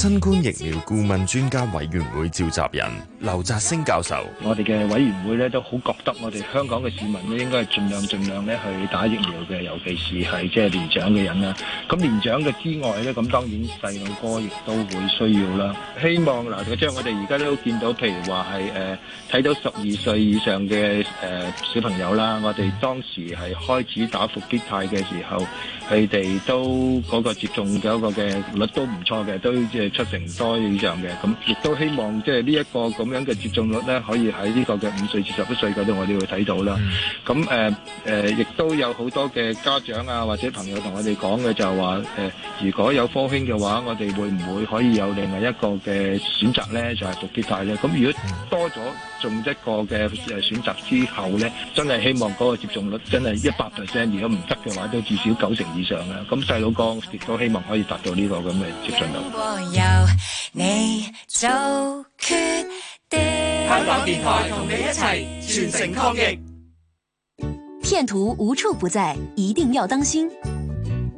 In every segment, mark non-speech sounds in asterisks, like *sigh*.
新冠疫苗顧問專家委員會召集人劉澤星教授：我哋嘅委員會咧都好覺得，我哋香港嘅市民咧應該係盡量盡量咧去打疫苗嘅，尤其是係即係年長嘅人啦。咁年長嘅之外咧，咁當然細路哥亦都會需要啦。希望嗱，將、即係、我哋而家都見到，譬如話係誒睇到十二歲以上嘅誒、呃、小朋友啦，我哋當時係開始打復必泰嘅時候。佢哋都嗰個接種嗰個嘅率都唔錯嘅，都即係七成多以上嘅。咁亦都希望即係呢一個咁樣嘅接種率咧，可以喺呢個嘅五歲至十一歲嗰度我哋會睇到啦。咁誒誒，亦都有好多嘅家長啊或者朋友同我哋講嘅就係話誒，如果有科興嘅話，我哋會唔會可以有另外一個嘅選擇咧？就係讀啲肽咧。咁如果多咗，做一個嘅選擇之後咧，真係希望嗰個接種率真係一百 percent，如果唔得嘅話，都至少九成以上啦。咁細佬哥亦都希望可以達到呢個咁嘅接種率。香港電台同你一齊全城抗疫。騙徒無處不在，一定要當心。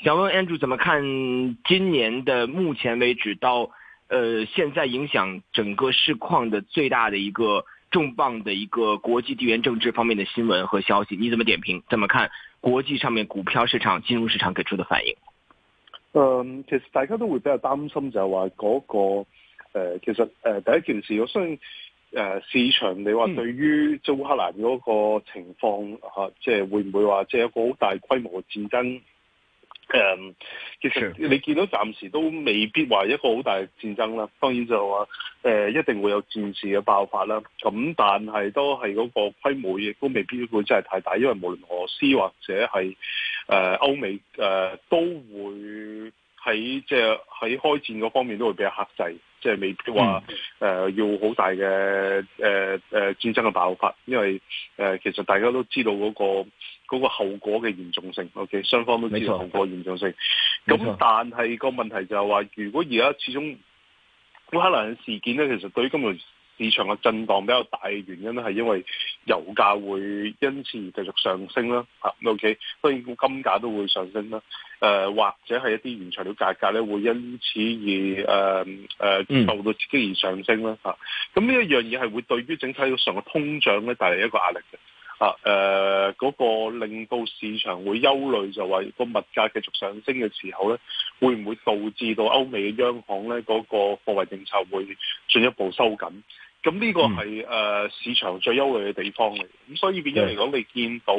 想問安 n 怎麼看今年的目前為止到，呃，現在影響整個市況的最大的一個重磅的一個國際地緣政治方面的新聞和消息，你怎麼點評？怎麼看國際上面股票市場、金融市場給出的反應？嗯，其實大家都會比較擔心就是話嗰、那個，誒、呃，其實誒、呃，第一件事，我雖然誒，市場你話對於烏克蘭嗰個情況吓、嗯啊，即係會唔會話即係一個好大規模戰爭？誒，um, 其實你見到暫時都未必話一個好大嘅戰爭啦。當然就話、是、誒、呃，一定會有戰事嘅爆發啦。咁但係都係嗰個規模亦都未必會真係太大，因為無論俄羅斯或者係誒、呃、歐美誒、呃，都會喺即係喺開戰嗰方面都會比較克制，即、就、係、是、未必話誒、嗯呃、要好大嘅誒誒戰爭嘅爆發。因為誒、呃，其實大家都知道嗰、那個。嗰個後果嘅嚴重性，O K，雙方都知道後果嚴重性。咁、okay? 但係個問題就係話，如果而家始終烏克蘭事件咧，其實對於金融市場嘅震盪比較大嘅原因咧，係因為油價會因此而繼續上升啦。嚇，O K，當然金價都會上升啦。誒、呃，或者係一啲原材料價格咧，會因此而誒誒、嗯呃、受到刺激而上升啦。嚇、嗯，咁呢一樣嘢係會對於整體的上嘅通脹咧，帶嚟一個壓力嘅。啊，誒、呃、嗰、那個令到市場會憂慮，就話個物價繼續上升嘅時候咧，會唔會導致到歐美嘅央行咧，嗰、那個貨幣政策會進一步收緊？咁呢個係、嗯呃、市場最憂慮嘅地方嚟，咁所以變咗嚟講，嗯、你見到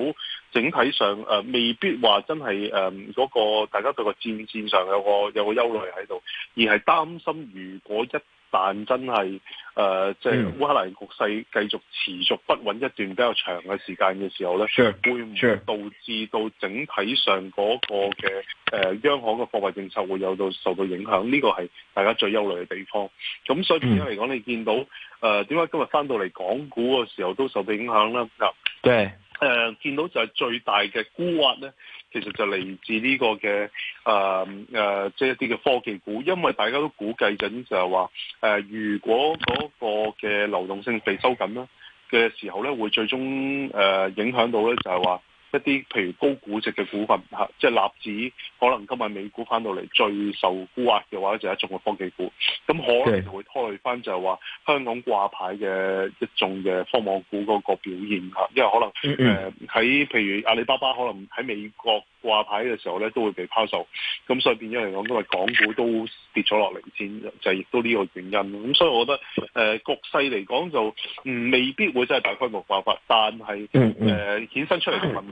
整體上、呃、未必話真係誒嗰個大家對個戰線上有個有個憂慮喺度，而係擔心如果一但真係誒，即、呃、係、就是、烏克蘭局勢繼續持續不穩一段比較長嘅時間嘅時候咧，Sure. Sure. 會唔會導致到整體上嗰個嘅誒、呃、央行嘅貨幣政策會有到受到影響？呢、mm. 個係大家最憂慮嘅地方。咁所以點解嚟講你見到誒點解今日翻到嚟港股嘅時候都受到影響啦嗱，對。Yeah. 誒、呃、見到就係最大嘅沽壓咧，其實就嚟自呢個嘅誒誒，即、呃、係、呃就是、一啲嘅科技股，因為大家都估計緊就係話，誒、呃、如果嗰個嘅流動性被收緊啦嘅時候咧，會最終誒、呃、影響到咧就係話。一啲譬如高估值嘅股份即係納指，可能今日美股翻到嚟最受沽壓嘅話，就係、是、一眾嘅科技股。咁可能就會拖累翻就係話香港掛牌嘅一種嘅科網股嗰個表現吓，因為可能誒喺、嗯嗯呃、譬如阿里巴巴可能喺美國掛牌嘅時候咧都會被拋售，咁所以變咗嚟講今日港股都跌咗落嚟，先，就是、亦都呢個原因。咁所以我覺得誒、呃、局勢嚟講就唔未必會真係大規模爆發，但係誒、嗯嗯呃、衍生出嚟嘅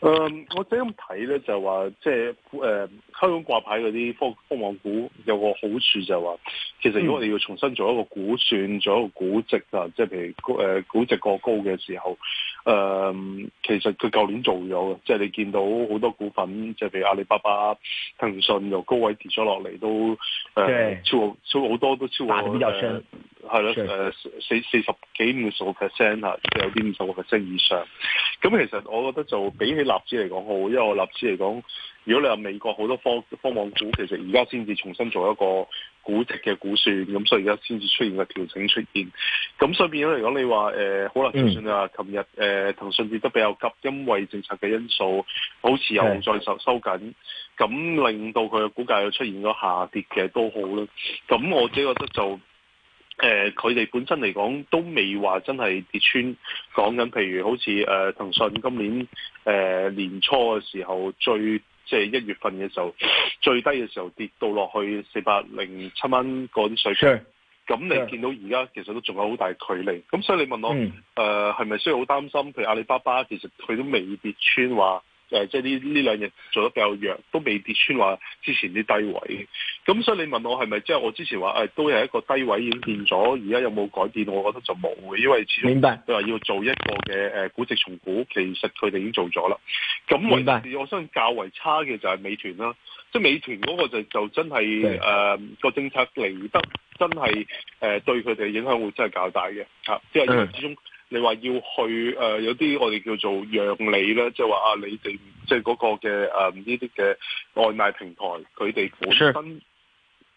誒，um, 我點咁睇咧？就話即係誒，香港掛牌嗰啲科科網股有個好處就係話，其實如果我哋要重新做一個估算，做一個估值啊，即、就、係、是、譬如誒估、呃、值過高嘅時候，誒、呃、其實佢舊年做咗嘅，即、就、係、是、你見到好多股份，即、就、係、是、譬如阿里巴巴、騰訊又高位跌咗落嚟都誒、呃、對超超好多都超過好多。係咯、呃、的四四十幾五十個 percent 有啲五十個 percent 以上。咁其實我覺得就、嗯、比起，立資嚟講好，因為立資嚟講，如果你話美國好多科科網股，其實而家先至重新做一個估值嘅估算，咁所以而家先至出現個調整出現。咁所以變咗嚟講，你話誒，好啦，就算、嗯、你話琴日誒、呃、騰訊跌得比較急，因為政策嘅因素，好似又再收收緊，咁的令到佢嘅股價又出現咗下跌嘅都好啦。咁我自己覺得就。誒，佢哋、呃、本身嚟講都未話真係跌穿，講緊譬如好似誒騰訊今年誒、呃、年初嘅時候，最即係一月份嘅時候最低嘅時候跌到落去四百零七蚊嗰啲水平。咁的你見到而家的其實都仲有好大距離，咁所以你問我誒係咪需要好擔心？譬如阿里巴巴，其實佢都未跌穿話。誒即係呢呢兩日做得比較弱，都未跌穿話之前啲低位。咁所以你問我係咪即係我之前話誒、啊、都係一個低位已經變咗，而家有冇改變？我覺得就冇嘅，因為始終、明白、佢話要做一個嘅誒估值重估，其實佢哋已經做咗啦。咁其次，我相信較為差嘅就係美團啦、啊。即係美團嗰個就就真係誒的、呃、個政策嚟得真係誒、呃、對佢哋影響會真係較大嘅。嚇、啊，即係因為始終。你話要去誒、呃、有啲我哋叫做讓利啦，即係話啊，你哋即係嗰個嘅誒呢啲嘅外賣平台，佢哋本身。Sure.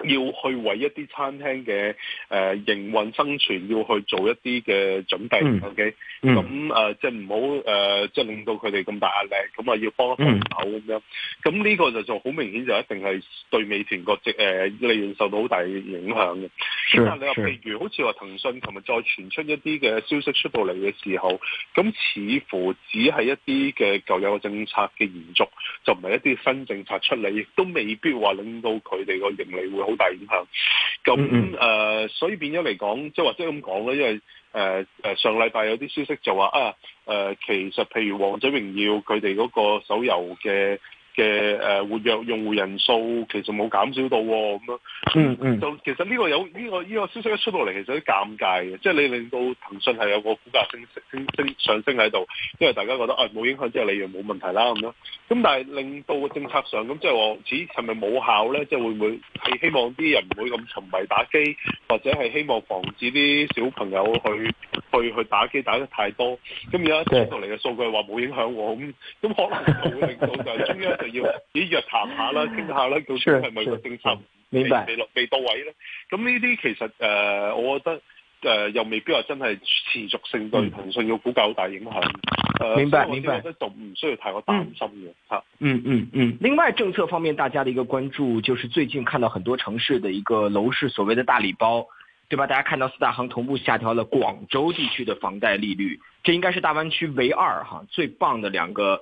要去為一啲餐廳嘅誒、呃、營運生存，要去做一啲嘅準備。O K，咁誒即係唔好誒，即係令到佢哋咁大壓力，咁啊要幫一幫手咁、嗯、樣。咁呢個就就好明顯，就一定係對美團個誒、呃、利潤受到好大影響嘅。但你話譬如好似話騰訊琴日再傳出一啲嘅消息出到嚟嘅時候，咁似乎只係一啲嘅舊有嘅政策嘅延續，就唔係一啲新政策出嚟，亦都未必話令到佢哋個盈利會好。大影響，咁誒、 *noise* *noise* 嗯嗯，所以變咗嚟講，即係或者咁講咧，因為誒誒、呃，上禮拜有啲消息就話啊，誒、呃，其實譬如《王者榮耀》佢哋嗰個手遊嘅。嘅活躍用戶人數其實冇減少到喎，哦，咁樣嗯嗯，嗯就其實呢個有呢、這個呢、這個消息一出到嚟，其實都尷尬嘅，即、就、係、是、你令到騰訊係有個股價升升升，升上升喺度，因、就、為、是、大家覺得啊冇、哎、影響，即係你又冇問題啦咁樣。咁但係令到個政策上咁即係話，咦係咪冇效咧？即、就、係、是、會唔會係希望啲人唔會咁沉迷打機，或者係希望防止啲小朋友去去去打機打得太多？咁而家出到嚟嘅數據話冇影響喎，哦，咁咁可能就會令到就係中央。 *laughs* 就要啲約談下啦，傾是下啦，究竟係咪個政策未未落、未到位咧？咁呢啲其實誒、呃，我覺得誒、呃、又未必話真係持續性對騰訊嘅股價好大影響。呃、明白，我明白，我就唔需要太過擔心嘅嚇、嗯。嗯嗯嗯。另外政策方面，大家的一個關注，就是最近看到很多城市嘅一個樓市所謂嘅大禮包，對吧？大家看到四大行同步下調了廣州地區嘅房貸利率，這應該是大灣區唯二哈最棒的兩個。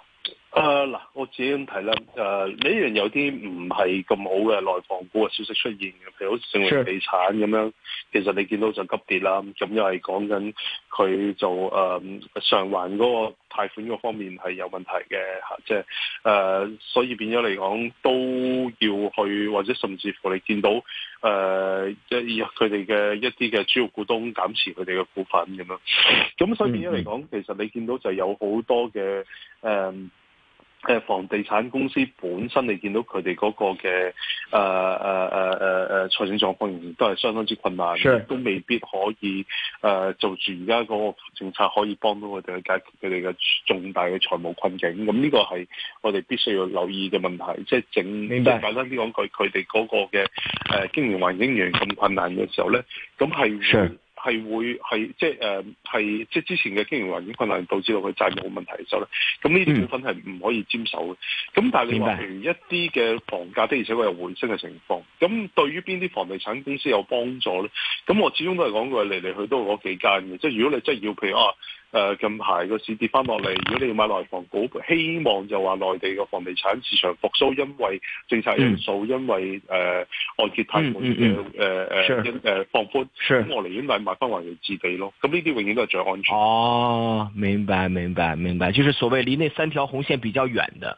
誒嗱，uh, 我自己咁睇咧，誒呢樣有啲唔係咁好嘅內房股嘅消息出現嘅，譬如好似成隆地產咁樣，其實你見到就急跌啦，咁又係講緊佢就誒、uh, 償還嗰個貸款嗰方面係有問題嘅嚇，即係誒，uh, 所以變咗嚟講都要去或者甚至乎你見到誒、uh, 即係佢哋嘅一啲嘅主要股東減持佢哋嘅股份咁樣，咁所以變咗嚟講，嗯、其實你見到就有好多嘅誒。Um, 嘅房地產公司本身你，你見到佢哋嗰個嘅誒誒誒誒誒財政狀況仍然都係相當之困難，Sure. 都未必可以誒、呃、做住而家嗰個政策可以幫到我哋去解決佢哋嘅重大嘅財務困境。咁呢個係我哋必須要留意嘅問題，即、就、係、是、整明白簡單啲講句，佢哋嗰個嘅誒經營環境仍然咁困難嘅時候咧，咁係。Sure. 係會係即係誒係即係之前嘅經營環境困難導致到佢債務問題嘅時候咧，咁呢啲股份係唔可以接受嘅。咁但係你話譬如一啲嘅房價的，而且確有回升嘅情況，咁對於邊啲房地產公司有幫助咧？咁我始終都係講過嚟嚟去都係嗰幾間嘅。即係如果你真係要譬如哦。誒近排個市跌翻落嚟，如果你要買內房股，希望就話內地嘅房地產市場復甦，因為政策因素，因為誒、呃嗯、按揭貸款嘅誒誒放寬，咁我寧願買返翻恆隆置地咯。咁呢啲永遠都係最安全。哦，明白明白明白，就是所謂離呢三條紅線比較遠的。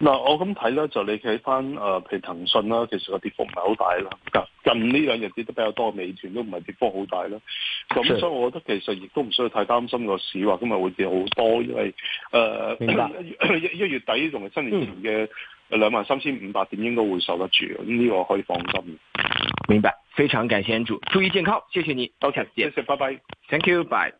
嗱，我咁睇咧，就你睇翻誒，譬如騰訊啦，其實個跌幅唔係好大啦。近呢兩日跌得比較多，美團都唔係跌幅好大啦。咁是所以，所以我覺得其實亦都唔需要太擔心個市話今日會跌好多，因為誒、呃、白一月底同埋新年前嘅兩萬三千五百點應該會受得住，咁、這、呢個可以放心。明白，非常感謝主，注意健康，謝謝你，到時 Okay, 見，拜拜 bye bye，Thank you，bye。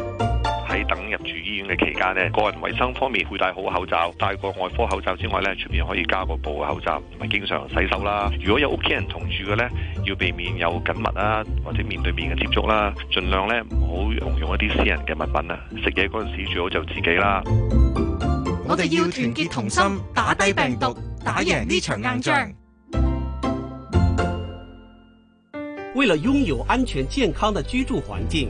個人衛生方面，會戴好口罩，戴過外科口罩之外咧，出面可以加個布嘅口罩，同埋經常洗手啦。如果有屋企人同住嘅咧，要避免有緊密啊或者面對面嘅接觸啦，盡量咧唔好共用一啲私人嘅物品啊。食嘢嗰陣時最好就自己啦。我哋要團結同心，打低病毒，打贏呢場硬仗。為了擁有安全健康的居住環境。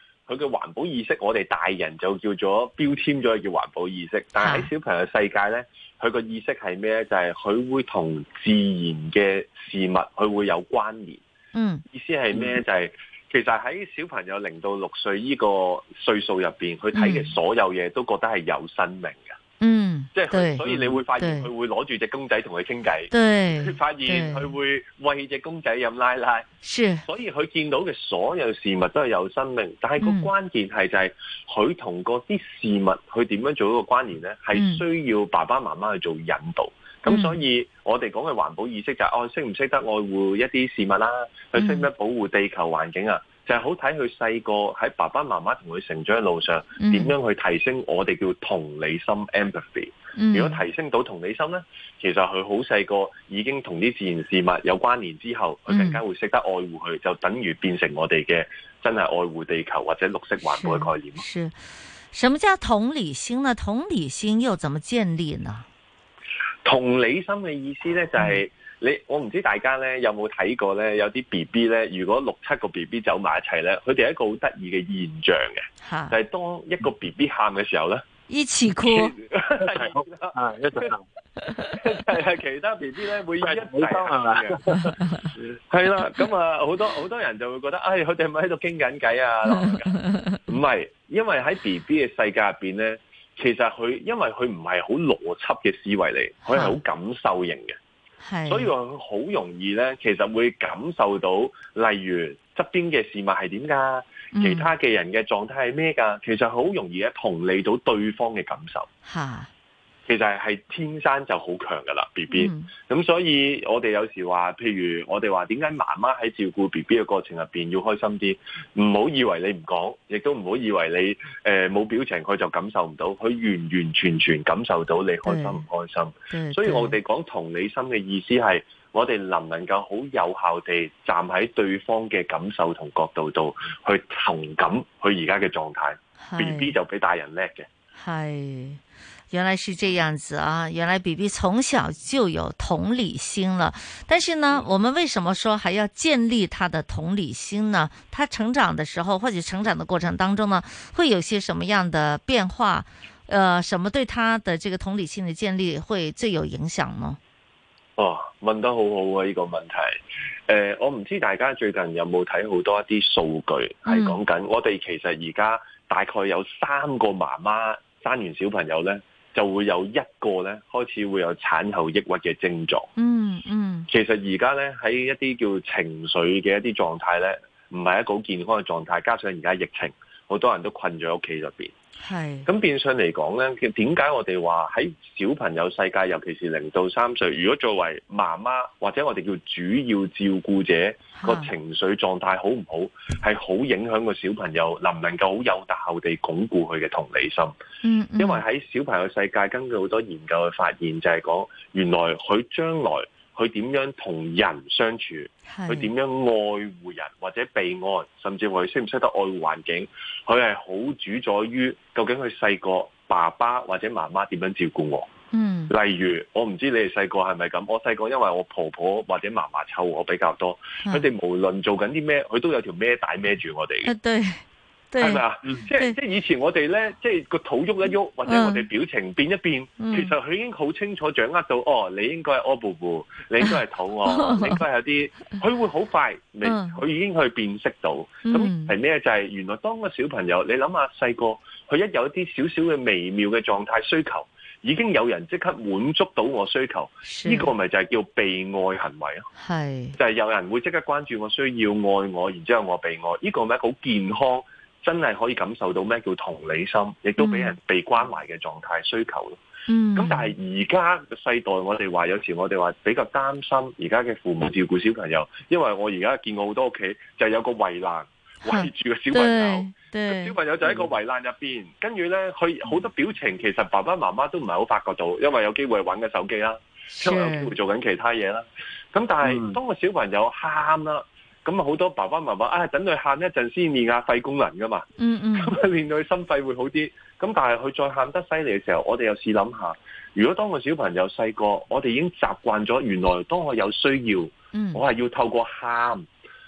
佢嘅環保意識，我哋大人就叫做標籤咗叫環保意識，但係喺小朋友的世界咧，佢個意識係咩咧？就係、是、佢會同自然嘅事物佢會有關聯。嗯，意思係咩？就係、是、其實喺小朋友零到六歲依個歲數入邊，佢睇嘅所有嘢都覺得係有生命嘅。嗯，即係是佢，對所以你會發現佢會攞住隻公仔同佢傾偈，佢，對發現佢會餵隻公仔飲奶奶，對所以佢見到嘅所有事物都係有生命，但係個關鍵係就係佢同嗰啲事物佢點樣做一個關聯呢？係需要爸爸媽媽去做引導，咁、嗯、所以我哋講嘅環保意識就係愛識唔識得愛護一啲事物啦、啊，佢識唔識得保護地球環境啊？就係好睇，佢細個喺爸爸媽媽同佢成長嘅路上，點樣去提升我哋叫同理心 （empathy）。嗯、如果提升到同理心呢，其實佢好細個已經同啲自然事物有關聯之後，佢更加會識得愛護佢，就等於變成我哋嘅真係愛護地球或者綠色環保嘅概念是。是，什麼叫同理心呢？同理心又怎麼建立呢？同理心嘅意思呢就係、是。嗯你我唔知大家咧有冇睇過咧有啲 B B 咧，如果六七個 B B 走埋一齊咧，佢哋一個好得意嘅現象嘅，嗯、就係當一個 B B 喊嘅時候咧，依次哭，一齊一齊喊，係其他 B B 咧會一齊，喊、嗯。咪、嗯、啊？係啦， *laughs* 咁啊，好多好多人就會覺得，哎，佢哋咪喺度傾緊偈啊？唔係， *laughs* 因為喺 B B 嘅世界入邊咧，其實佢因為佢唔係好邏輯嘅思維嚟，佢係好感受型嘅。是所以話佢好容易咧，其實會感受到，例如側邊嘅事物係點噶，其他嘅人嘅狀態係咩噶，嗯、其實好容易咧同理到對方嘅感受。嚇！其實係天生就好強噶啦，B B。咁所以我哋有時話，譬如我哋話點解媽媽喺照顧 B B 嘅過程入邊要開心啲，唔好以為你唔講，亦都唔好以為你誒冇、呃、表情，佢就感受唔到，佢完完全全感受到你開心唔開心。所以我哋講同理心嘅意思係，我哋能唔能夠好有效地站喺對方嘅感受同角度度去同感佢而家嘅狀態。B B 的就比大人叻嘅。係。原來是這樣子啊，原來 B B 從小就有同理心了。但是呢，我們為什麼說還要建立他的同理心呢？他成長的時候，或者成長的過程當中呢，會有些什麼樣的變化？呃，什麼對他的這個同理心的建立會最有影響呢？哦，問得好好啊，呢個問題。誒、呃，我唔知大家最近有冇睇好多一啲數據係講緊，嗯、我哋其實而家大概有三個媽媽生完小朋友咧。就會有一個咧，開始會有產後抑鬱嘅症狀。嗯。嗯嗯，其實而家咧喺一啲叫情緒嘅一啲狀態咧，唔係一個好健康嘅狀態，加上而家疫情，好多人都困咗喺屋企入邊。係，咁是變相嚟講咧，點解我哋話喺小朋友世界，尤其是零到三歲，如果作為媽媽或者我哋叫主要照顧者個、啊、情緒狀態好唔好，係好影響個小朋友能唔能夠好有效地鞏固佢嘅同理心。嗯，嗯，因為喺小朋友世界，根據好多研究嘅發現，就係、是、講原來佢將來。佢點樣同人相處？佢點樣愛護人或者被愛，甚至佢識唔識得愛護環境？佢係好主宰於究竟佢細個爸爸或者媽媽點樣照顧我？嗯，例如我唔知你哋細個係咪咁？我細個因為我婆婆或者媽媽湊我比較多，佢哋、嗯、無論做緊啲咩，佢都有條孭帶孭住我哋嘅。啊，對。係咪啊？即係即係以前我哋咧，即係個肚喐一喐，或者我哋表情變一變，嗯、其實佢已經好清楚掌握到、嗯、哦，你應該係屙布布，啊、你應該係肚餓，你、啊、應該有啲，佢、嗯、會好快，佢、嗯、已經去辨識到。咁係咩？就係、是、原來當個小朋友，你諗下細個，佢一有一啲少少嘅微妙嘅狀態需求，已經有人即刻滿足到我需求，呢是個咪就係叫被愛行為咯？係是就係有人會即刻關注我需要愛我，然之後我被愛，呢、這個咪好健康。真係可以感受到咩叫同理心，亦都俾人被關懷嘅狀態、嗯、需求咯。咁但係而家嘅世代，我哋話有時我哋話比較擔心而家嘅父母照顧小朋友，因為我而家見過好多屋企就係、是、有個圍欄圍住個小朋友，個、啊、小朋友就喺個圍欄入邊，跟住、嗯、呢，佢好多表情其實爸爸媽媽都唔係好發覺到，因為有機會揾緊手機啦，Sure. 有機會做緊其他嘢啦。咁但係、嗯、當個小朋友喊啦。咁好多爸爸媽媽啊，等佢喊一陣先練下肺功能噶嘛，咁練到佢心肺會好啲。咁但係佢再喊得犀利嘅時候，我哋又試諗下，如果當個小朋友細個，我哋已經習慣咗，原來當我有需要，嗯、我係要透過喊，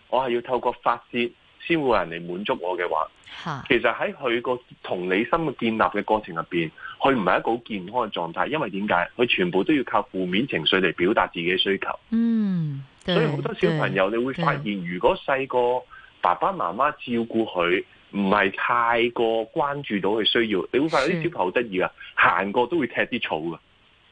我係要透過發泄，先會有人嚟滿足我嘅話。哈其實喺佢個同理心嘅建立嘅過程入面，佢唔係一個好健康嘅狀態，因為點解？佢全部都要靠負面情緒嚟表達自己嘅需求。嗯。所以好多小朋友，你會發現如果細個爸爸媽媽照顧佢，唔係太過關注到佢需要，你會發現啲小朋友得意啊，行是過都會踢啲草噶，嗯、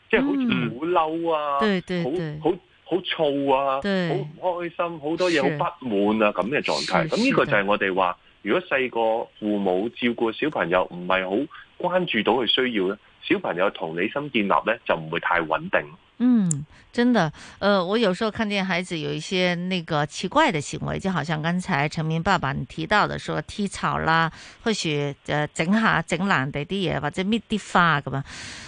即係好嬲啊，對對對，好好好燥啊，對好唔開心，好多嘢好不滿啊咁嘅狀態。咁呢是是個就係我哋話，的如果細個父母照顧小朋友唔係好關注到佢需要咧。小朋友同理心建立咧就唔會太穩定。嗯，真的，呃，我有時候看見孩子有一些那個奇怪的行為，就好像剛才辰民爸爸你提到的說，說踢草啦，或許誒整下整爛地啲嘢，或者搣啲花咁啊。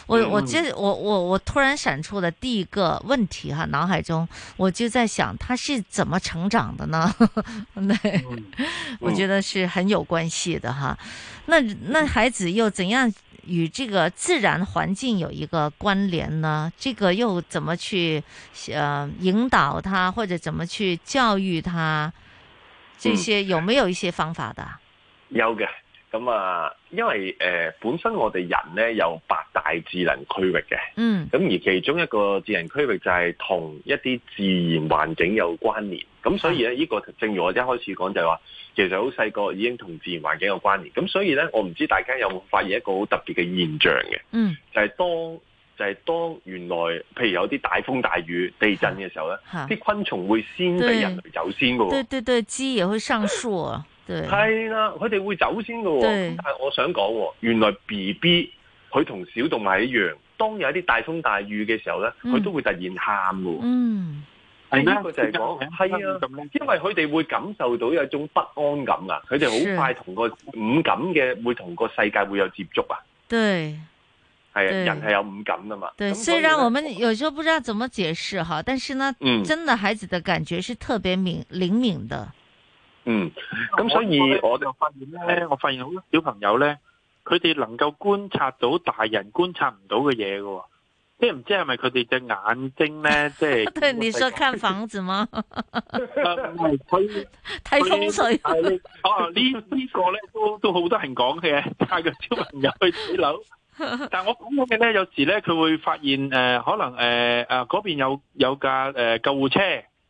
我我即、嗯、我我我突然閃出的第一個問題哈，腦、啊、海中我就在想，他是怎麼成長的呢？ *laughs* 嗯、 *laughs* 我覺得是很有關係的哈。嗯、那那孩子又怎樣？與這個自然環境有一個關聯呢？這個又怎麼去，呃、引導他或者怎麼去教育他？這些、嗯、有沒有一些方法的？有嘅，咁、嗯、啊，因為誒、呃、本身我哋人呢，有八大智能區域嘅，嗯，咁而其中一個智能區域就係同一啲自然環境有關聯，咁、嗯嗯、所以咧呢個正如我一開始講就係話、是。其實好細個已經同自然環境有關聯，咁所以咧，我唔知大家有冇發現一個好特別嘅現象嘅，嗯，就係當就係、是、當原來譬如有啲大風大雨、地震嘅時候咧，啲、啊啊、昆蟲會先俾對人類走先噶喎，對對對，雞也會上樹啊，對，係啦， *laughs* 佢哋會走先噶，對但係我想講，原來 B B 佢同小動物一樣，當有一啲大風大雨嘅時候咧，佢、嗯、都會突然喊噶，嗯。係呢個就係講係啊，嗯、因為佢哋會感受到有一種不安感啊，佢哋好快同個五感嘅會同個世界會有接觸啊。對，係啊是，對人係有五感㗎嘛。對，雖然我們有時候不知道怎麼解釋哈，但是呢，嗯、真的孩子嘅感覺是特別敏靈敏的。嗯，咁所以我就發現呢，我發現好多小朋友呢，佢哋能夠觀察到大人觀察唔到嘅嘢嘅喎。即係唔知係咪佢哋隻眼睛咧，即係對你說看房子嗎？誒，唔係佢睇風水啊。啊，呢呢個咧都都好多人講嘅，帶個小朋友去睇樓。但係我講嘅咧，有時咧佢會發現誒，可能誒誒嗰邊有有架誒救護車，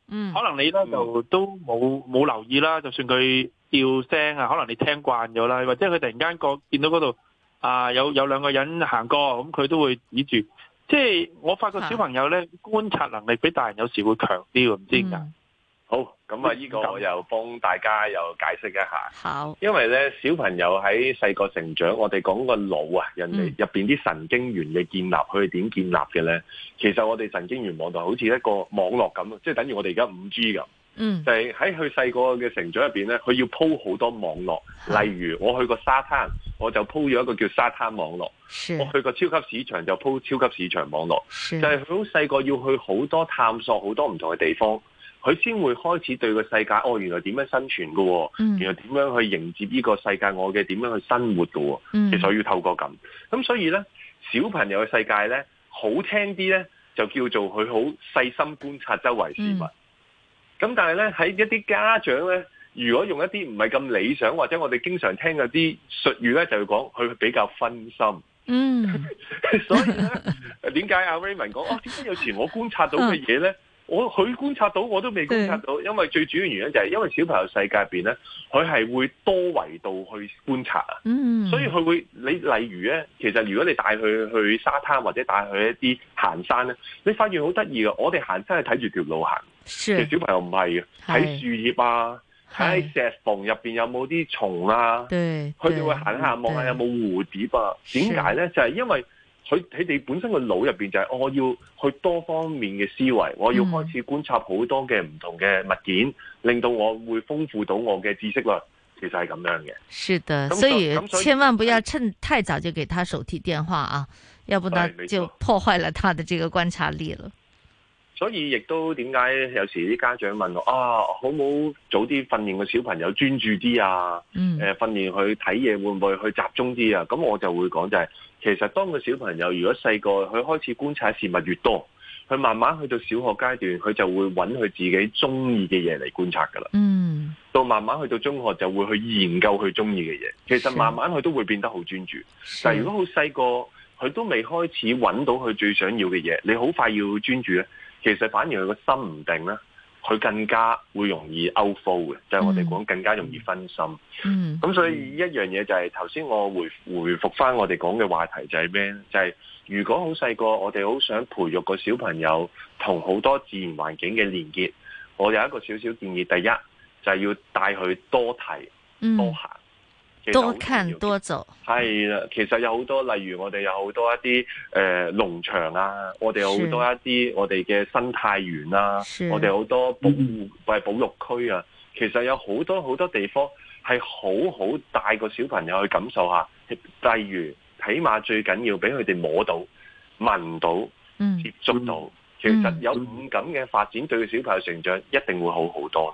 嗯，可能你咧就都冇冇留意啦。就算佢叫聲啊，可能你聽慣咗啦，或者佢突然間個見到嗰度啊有有兩個人行過，咁佢都會指住。即係我發覺小朋友咧是觀察能力比大人有時會強啲喎，唔知點解。好，咁啊，呢個我又幫大家又解釋一下。好因為咧小朋友喺細個成長，我哋講個腦啊，人哋入邊啲神經元嘅建立，佢係點建立嘅咧？其實我哋神經元網絡好似一個網絡咁，即係等於我哋而家五 G 咁。嗯，就係喺佢細個嘅成長入邊咧，佢要鋪好多網絡。例如，我去個沙灘，我就鋪咗一個叫沙灘網絡。是我去個超級市場就鋪超級市場網絡。是就係佢好細個要去好多探索好多唔同嘅地方，佢先會開始對個世界，哦，原來點樣生存噶、哦，嗯、原來點樣去迎接呢個世界，我嘅點樣去生活噶、哦。其實我要透過咁，咁、嗯、所以咧，小朋友嘅世界咧，好聽啲咧，就叫做佢好細心觀察周圍事物。嗯。咁但係咧，喺一啲家長咧，如果用一啲唔係咁理想或者我哋經常聽嗰啲術語咧，就會講佢比較分心。嗯， *laughs* 所以咧點解阿 Raymond 講哦？點解有時我觀察到嘅嘢咧，我佢觀察到我都未觀察到，的因為最主要原因就係、是、因為小朋友世界入邊咧，佢係會多維度去觀察啊。嗯，所以佢會你例如咧，其實如果你帶佢去沙灘或者帶佢一啲行山咧，你發現好得意嘅，我哋行山係睇住條路行。其實小朋友唔係嘅，睇樹葉啊，睇石縫入邊有冇啲蟲啊，佢哋會行下望下有冇蝴蝶啊？點解呢？就係因為佢佢哋本身個腦入邊就係我要去多方面嘅思維，我要開始觀察好多嘅唔同嘅物件，令到我會豐富到我嘅知識咯。其實係咁樣嘅。是的，所以千萬不要趁太早就給他手提電話啊，要不然就破壞了他的這個觀察力了。所以亦都點解有時啲家長問我啊，好唔好早啲訓練個小朋友專注啲啊？嗯，誒、呃、訓練佢睇嘢會唔會去集中啲啊？咁我就會講就係、是，其實當個小朋友如果細個佢開始觀察事物越多，佢慢慢去到小學階段，佢就會揾佢自己中意嘅嘢嚟觀察㗎啦。嗯，到慢慢去到中學就會去研究佢中意嘅嘢。其實慢慢佢都會變得好專注。嗯、但如果好細個，佢都未開始揾到佢最想要嘅嘢，你好快要專注咧。其實反而佢個心唔定咧，佢更加會容易 out 嘅，嗯、就係我哋講更加容易分心。嗯，咁所以一樣嘢就係頭先我回復回復翻我哋講嘅話題就係咩咧就係、是、如果好細個我哋好想培育個小朋友同好多自然環境嘅連結，我有一個少少建議，第一就係、是、要帶佢多睇多行。嗯多看多做係啦，其實有好多，例如我哋有好多一啲誒農場啊，我哋有好多一啲我哋嘅生態園啊，是我哋好多保護是保育區啊，其實有好多好多地方係好好帶個小朋友去感受一下，例如起碼最緊要俾佢哋摸到、聞到、接觸到，嗯、其實有五感嘅發展對小朋友成長一定會好好多。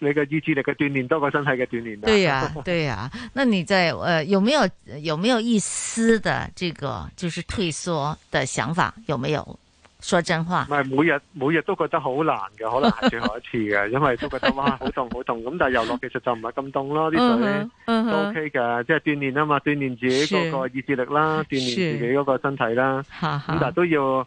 你嘅意志力嘅鍛煉多過身體嘅鍛煉，對、啊。對啊對啊，那你在誒、呃，有沒有有沒有一絲的這個就是退縮的想法？有沒有？說真話。唔係每日每日都覺得好難嘅，可能係最後一次嘅， *laughs* 因為都覺得哇好凍好凍咁。痛痛 *laughs* 但係游落其實就唔係咁凍咯，啲 *laughs* 水都 OK 嘅，即係鍛煉啊嘛，鍛煉自己嗰個意志力啦，是鍛煉自己嗰個身體啦。咁是、 *laughs* 嗯、但係都要。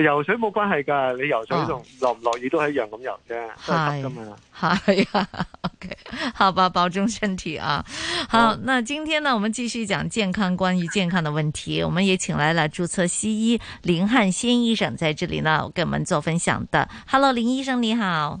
游水冇關係噶，你游水同落唔落雨都係一樣咁游啫，oh. 都係濕噶嘛。係啊，OK，好吧，保重身體啊。好，oh. 那今天呢，我們繼續講健康，關於健康的問題，我們也請來了注冊西醫林漢先醫生在這裏呢，我跟我們做分享的。Hello，林醫生你好。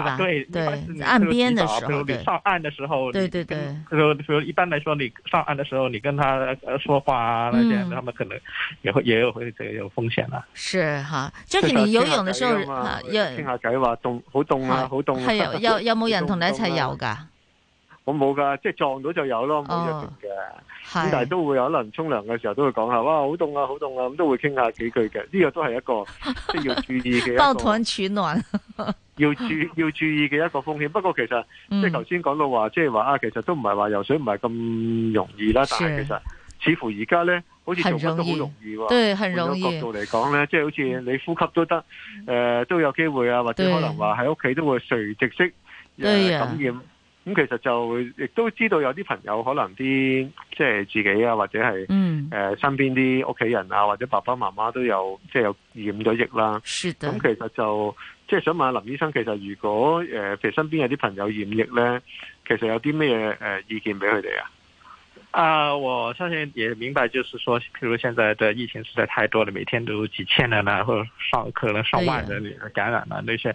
啊，對，對，岸邊的時候，譬如你上岸的時候，對對對，譬如一般來說你上岸的時候，你跟他誒說話啊，那些，咁啊可能也會，也有可能就有風險啦。是哈，即係你游泳的時候，有傾下偈話凍，好凍啊，好凍啊。有有冇人同你一齊游噶？我冇噶，即係撞到就有咯，冇一定嘅。咁但係都會有人沖涼嘅時候都會講下，哇，好凍啊，好凍啊，咁都會傾下幾句嘅。呢個都係一個要注意嘅。抱團取暖。 *laughs* 要注意嘅一個風險，不過其實即係頭先講到話，即係話啊，其實都唔係話游水唔係咁容易啦。是但係其實似乎而家咧，好似做乜都好容易喎。好多說角度嚟講咧，即、就、係、是、好似你呼吸都得，誒、呃、都有機會啊，或者可能話喺屋企都會垂直式、呃啊、感染。咁、嗯嗯、其實就亦都知道有啲朋友可能啲即係自己啊，或者係誒、嗯呃、身邊啲屋企人啊，或者爸爸媽媽都有即係有染咗疫啦。咁的、嗯、其實就。即係想問阿林醫生，其實如果誒，譬、呃、如身邊有啲朋友染疫咧，其實有啲咩嘢誒意見俾佢哋啊？啊，我相信也明白，就是說，譬如現在的疫情實在太多了，每天都有幾千人啦、啊，或者上可能上萬人、啊哎、呀感染啦、啊，那些。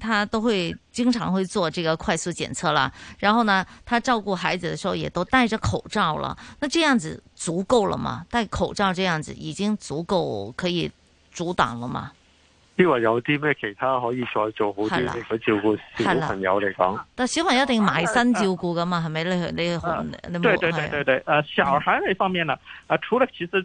他都會經常會做這個快速檢測了，然後呢，他照顧孩子的時候也都戴着口罩了。那這樣子足夠了嗎？戴口罩這樣子已經足夠可以阻擋了嗎？抑或有啲咩其他可以再做好啲？去啦照顧小朋友嚟講，但小朋友一定要埋身照顧噶嘛，係咪、啊？你你，你對對對對對，呃、啊，uh, 小孩呢方面呢，啊，除了其實。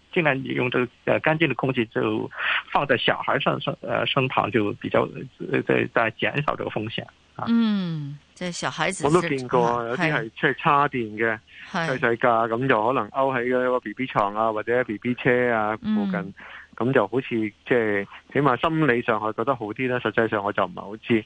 盡量用到個乾淨嘅空氣就放在小孩上上，呃，身旁就比較在在減少這個風險啊。嗯，即係小孩子我都見過，啊、有啲係出去叉電嘅細細架，咁、啊、是就可能勾喺個 B B 床啊或者 B B 車啊附近，咁是、啊嗯、就好似即係起碼心理上係覺得好啲啦。實際上我就唔係好知。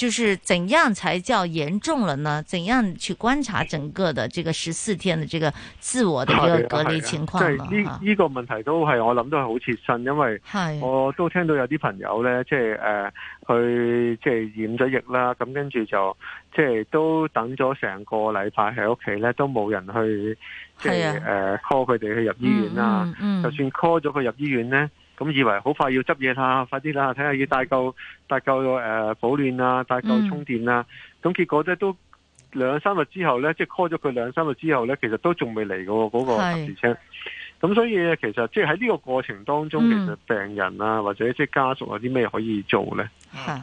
就是怎樣才叫嚴重了呢？怎樣去觀察整個的這個十四天的這個自我的一個隔離情況呢？哈、啊，呢、啊就是啊、個問題都係我諗都係好切身，因為我都聽到有啲朋友咧，即係誒去即係染咗疫啦，咁跟住就即係、就是、都等咗成個禮拜喺屋企咧，都冇人去是、啊、即係誒、呃、call 佢哋去入醫院啦。嗯嗯、就算 call 咗佢入醫院咧。咁以為好快要執嘢啦，快啲啦，睇下要帶夠帶夠誒、呃、保暖啊，帶夠充電啊，咁、嗯、結果咧都兩三日之後咧，即係 call 咗佢兩三日之後咧，其實都仲未嚟嘅嗰個特氏車。咁是所以其實即係喺呢個過程當中，嗯、其實病人啊或者即係家屬有啲咩可以做咧？啊。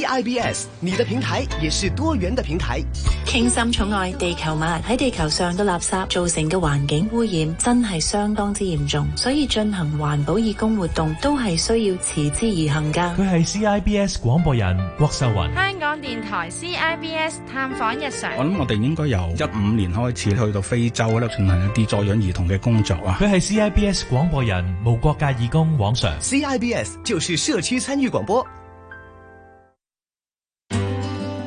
CIBS，你的平台也是多元的平台。傾心寵愛地球嘛，喺地球上嘅垃圾造成嘅環境污染真係相當之嚴重，所以進行環保義工活動都係需要持之而行噶。佢係 CIBS 廣播人郭秀雲，香港電台 CIBS 探訪日常。我諗我哋應該由一五年開始去到非洲度進行一啲助養兒童嘅工作啊。佢係 CIBS 廣播人，無國界義工王 Sir。CIBS 就是社區參與廣播。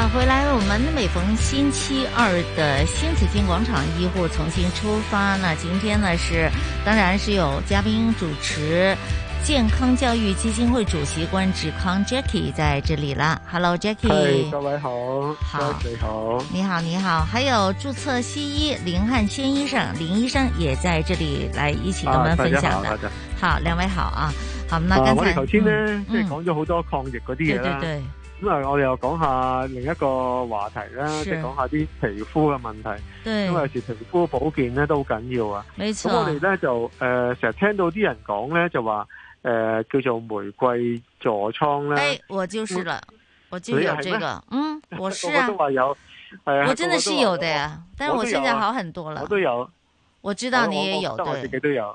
啊、回來，我們每逢星期二的新紫荊廣場醫護重新出發。那今天呢是，當然是有嘉賓主持，健康教育基金會主席關志康 Jackie 在這裏啦。Hello，Jackie。嗨，各位好。好。各位好，好。你好，你好。還有注冊西醫林漢先醫生，林醫生也在這裏來一起跟我們分享的。啊、好，兩位好啊。好，那剛才。我哋頭先咧，即係講咗好多抗疫啲嘢啦。對對對。咁啊，我哋又講下另一個話題啦，即係講下啲皮膚嘅問題。因為有時皮膚保健咧都好緊要啊。冇錯。咁我哋咧就誒，成日聽到啲人講咧就話誒，叫做玫瑰痤瘡咧。哎，我就是啦，我就有這個，嗯，我是啊。我都話有，係啊，我真的是有的呀，但係我現在好很多啦。我都有，我知道你也有，自己都有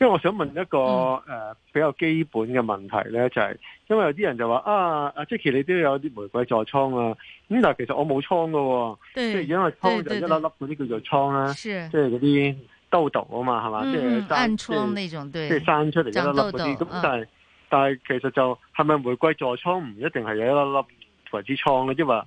因為我想問一個誒、呃、比較基本嘅問題咧，嗯、就係因為有啲人就話啊，阿 Jackie 你都有啲玫瑰痤瘡啊，咁、嗯、但其實我冇瘡嘅喎，對即係因為瘡就一粒粒嗰啲叫做瘡啦，即係嗰啲兜道啊嘛，係嘛，即係生即係生出嚟一粒粒嗰啲，咁、嗯、但係但係其實就係咪玫瑰痤瘡唔一定係有一粒粒為之瘡咧，即係話。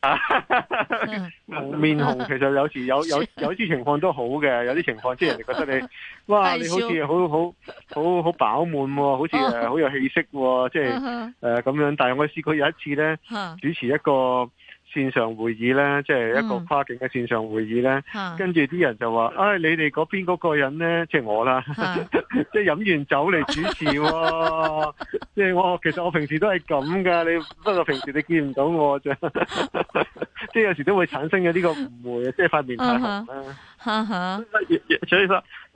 啊！ *laughs* 面紅其實有時有有有啲情況都好嘅，有啲情況即係人哋覺得你，哇！你好似好好好好飽滿喎，好似誒好有氣息，即係誒咁樣。但係我試過有一次咧，主持一個，線上會議咧，即係一個跨境嘅線上會議咧，跟住啲人就話：唉、哎，你哋嗰邊嗰個人咧，即、就、係、是、我啦，即係是 *laughs* 飲完酒嚟主持喎、哦，即係 *laughs* 我其實我平時都係咁㗎，你不過平時你見唔到我啫，即 *laughs* 係有時都會產生咗呢個誤會，即係塊面太紅啦，所以話。Huh, uh huh. *laughs*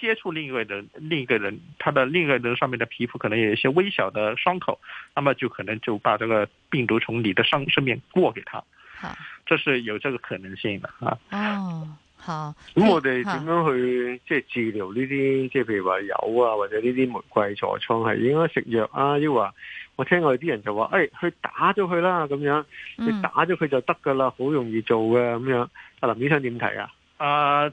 接觸另一個人，另一個人他的另一個人上面的皮膚可能有一些微小的傷口，那麼就可能就把這個病毒從你的身上面過給他，這是有這個可能性的啊、哦。哦，好。咁我哋點樣去即係治療呢啲，即係譬如話疣啊，或者呢啲玫瑰痤瘡係應該食藥啊，要或我聽過有啲人就話，誒、哎，去打咗佢啦，咁樣，你打咗佢就得噶啦，好容易做嘅咁樣。阿、啊、林醫生點睇啊？啊？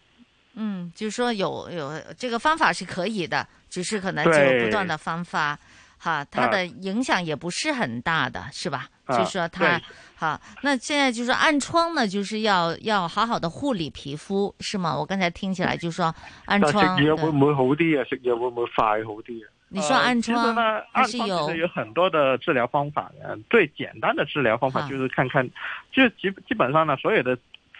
嗯，就是說有有這個方法是可以的，只是可能就不斷的方法哈，它的影響也不是很大的，啊、是吧？就是說它，好、啊，那現在就是說暗瘡呢，就是要要好好的護理皮膚，是嗎？我剛才聽起來就是說暗瘡。會唔會好啲啊？食藥會唔會快好啲啊？你說暗瘡？其實呢，暗瘡其實有很多的治療方法，最簡單的治療方法就是看看，啊、就基基本上呢，所有的。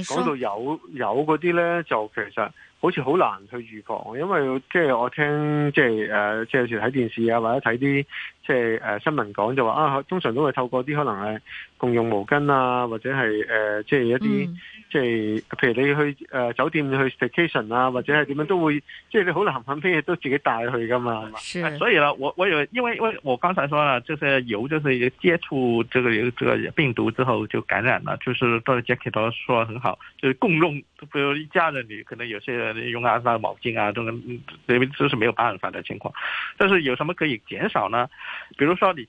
講你到有有嗰啲咧，就其實好似好難去預防，因為即係我聽即係誒，即係有時睇電視啊，或者睇啲即係、呃、新聞講就話啊，通常都會透過啲可能係。共用毛巾啊，或者係誒，即、呃、係、就是、一啲，即係譬如你去誒、呃、酒店去 staycation 啊，或者係點樣，都會、嗯、即係你好難幸運都自己帶去噶嘛。係是，所以啦，我我有，因為我我剛才講啦，就是有，就是接觸這個、這個、這個病毒之後就感染啦。就是 Jackie 都說很好，就是共用，比如一家人你可能有些人用阿、啊、三毛巾啊，都因為這是沒有辦法的情況。但是有什麼可以減少呢？比如說你。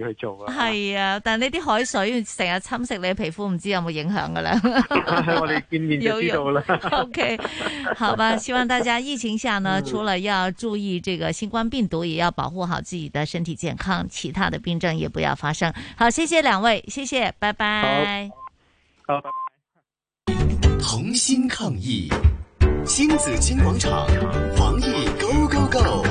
係啊，但呢啲海水成日侵蝕你皮膚，唔知有冇影響㗎喇。 *laughs* *laughs* 我哋見面就知道啦。有用。OK，好吧，希望大家疫情下呢，除了、嗯、要注意這個新冠病毒，也要保護好自己的身體健康，其他的病症也不要發生。好，謝謝兩位，謝謝，拜拜。好，好，拜拜。同心抗疫，新紫荊廣場防疫 Go Go Go。